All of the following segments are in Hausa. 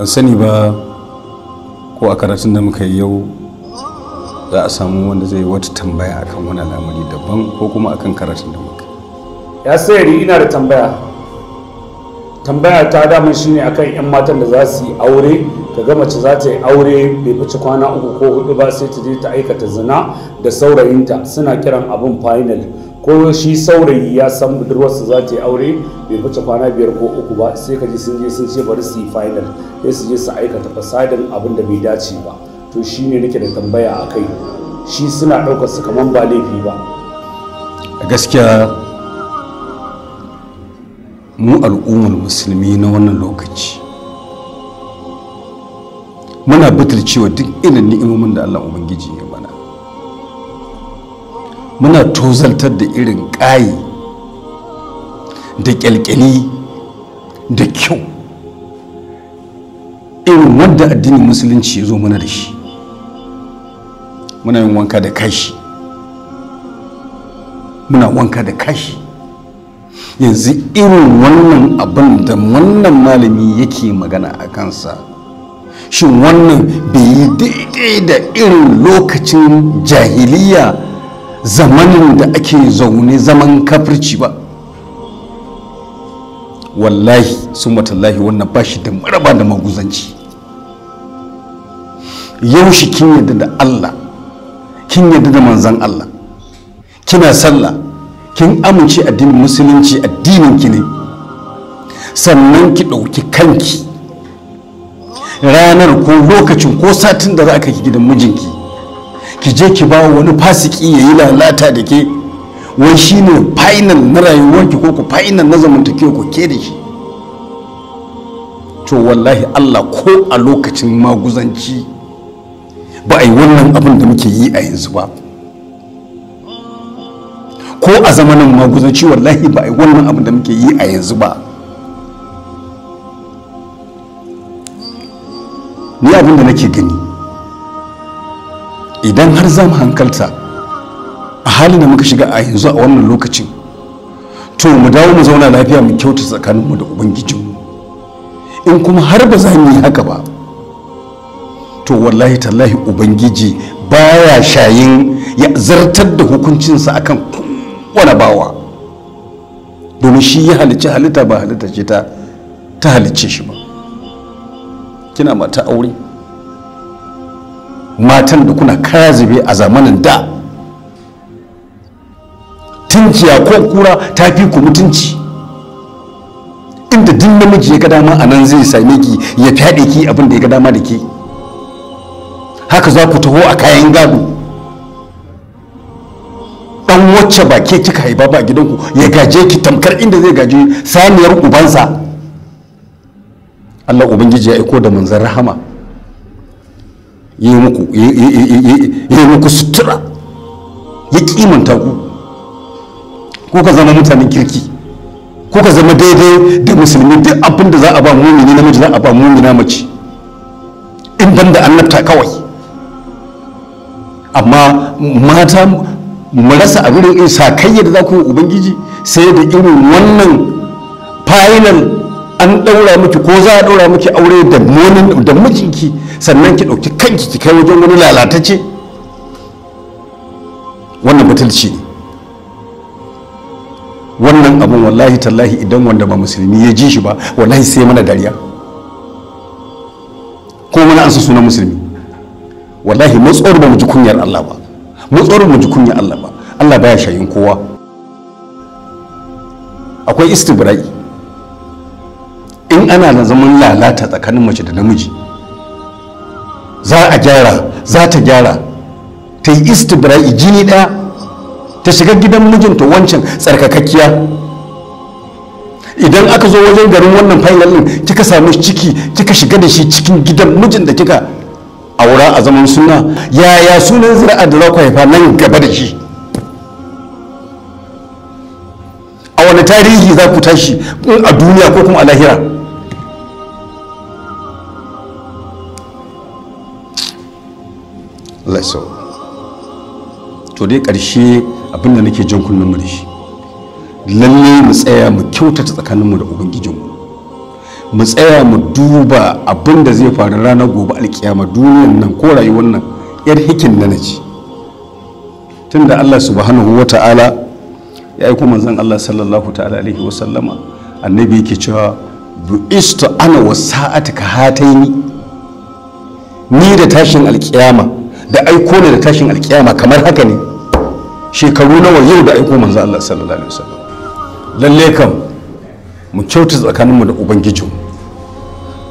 ban sani ba ko a karatun da muka yi yau za a samu wanda zai wata tambaya akan wani al'amari daban ko kuma akan karatun da muka ya sayari ina da tambaya tambaya ta damar shine akan 'yan matan da za su yi aure ka ga mace za ta yi aure bai fice kwana uku ko hudu ba sai ta je ta aikata zina da saurayinta suna kiran abin final ko shi saurayi ya san budurwarsa za ta yi aure bai fice kwana biyar ko uku ba sai ka ji sun je sun ce bari su yi final sai su je su aikata fasadin abin da bai dace ba to shi ne nake da tambaya a kai shi suna ɗaukar su kamar ba laifi ba a gaskiya mu al'ummar musulmi na wannan lokaci muna butulcewa duk irin ni'imomin da allah ubangiji ya muna tozaltar da irin ƙayi da ƙyalƙyali da kyau irin wanda addinin musulunci ya zo mana da shi muna yin wanka da kashi muna wanka da kashi yanzu irin wannan abin da wannan malami yake magana a kansa shin wannan bai yi daidai da irin lokacin jahiliya zamanin da ake zaune zaman kafirci ba wallahi sun matallahi wannan ba shi da maraba da maguzanci yau shi kin yadda da Allah kin yadda da manzan Allah kina sallah kin amince addinin musulunci addinin ki ne sannan ki ɗauki kanki ranar ko lokacin ko satin da za ka yi gidan mijinki ki je ki ba wani fasiki ya yi lalata da ke wai shi ne final na rayuwarki ko ku final na zamantakewa ku ke da shi to wallahi allah ko a lokacin maguzanci ba a yi wannan abin da muke yi a yanzu ba ko a zamanin maguzanci wallahi ba a yi wannan abin da muke yi a yanzu ba ni abin da nake gani idan har za mu hankalta a halin da muka shiga a yanzu a wannan lokacin to mu dawo mu zauna lafiya mu kyauta tsakaninmu da ubangijinmu in kuma har ba za mu yi haka ba to wallahi tallahi ubangiji baya shayin ya zartar da hukuncinsa akan wani bawa domin shi ya halicci halitta ba halitta ce ta halicce shi ba kina mata aure matan da kuna zube a zamanin da tunciya ko kura ta fi ku mutunci inda duk namiji ya ga dama a nan zai same ki ya fyaɗe ki abin da ya ga dama da ke haka za ku taho a kayan gado dan wacce ba ke kika haifa ba gidanku ya gaje ki tamkar inda zai gaje saniyar ubansa Allah Ubangiji ya aiko da manzan rahama yi muku yi muku sutura ya kimanta ku ko ka zama mutanen kirki ku ka zama daidai da musulmi duk abin da za a ba mumini namiji za a ba mumina mace in ban da annabta kawai amma mata mu rasa abin in kai da za ku yi ubangiji sai da irin wannan final an ɗaura miki ko za a ɗaura miki aure da monin da mijinki sannan ki ɗauki kanki ki kai wajen wani lalatacce wannan butulci ne wannan abun wallahi tallahi idan wanda ba musulmi ya ji shi ba wallahi sai mana dariya ko mana an sunan musulmi wallahi matsuwar ba mu ji kunyar Allah ba matsuwar mu ji kunyar Allah ba Allah baya shayin kowa akwai istibra'i in ana da zaman lalata tsakanin mace da namiji za a gyara za ta gyara ta yi istibra'i jini ɗaya ta shiga gidan mijinta wancan tsarkakakkiya idan aka zo wajen garin wannan final ɗin kika samu ciki kika shiga da shi cikin gidan mijin da kika aura a zaman suna yaya sunan zira'a da za ku haifa nan gaba da shi a wani tarihi za ku tashi a duniya ko kuma a lahira Allah to dai ƙarshe abin da nake jin kunnun mu da shi lalle mu tsaya mu kyautata tsakaninmu da ubangijinmu mu tsaya mu duba abin da zai faru ranar gobe alkiyama duniyan nan ko rayuwar nan yar hikin na tun tunda Allah subhanahu wa ta'ala ya aiko manzon Allah sallallahu ta'ala alaihi wa sallama annabi yake cewa bu'istu ana wa ka hataini ni da tashin alkiyama da aiko ne da tashin alkiyama kamar haka ne shekaru nawa yau da aiko manzo Allah sallallahu alaihi wasallam lalle kam mu kyauta tsakaninmu da ubangiji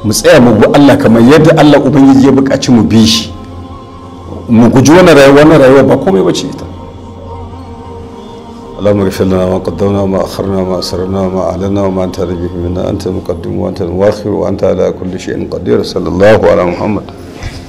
mu tsaya mu bi Allah kamar yadda Allah ubangiji ya buƙaci mu bi shi mu guji wani rayuwa wani rayuwa ba komai bace ita اللهم اغفر لنا ما قدمنا وما اخرنا وما اسررنا وما اعلنا وما انت به منا انت المقدم وانت المؤخر وانت على كل شيء قدير صلى الله على محمد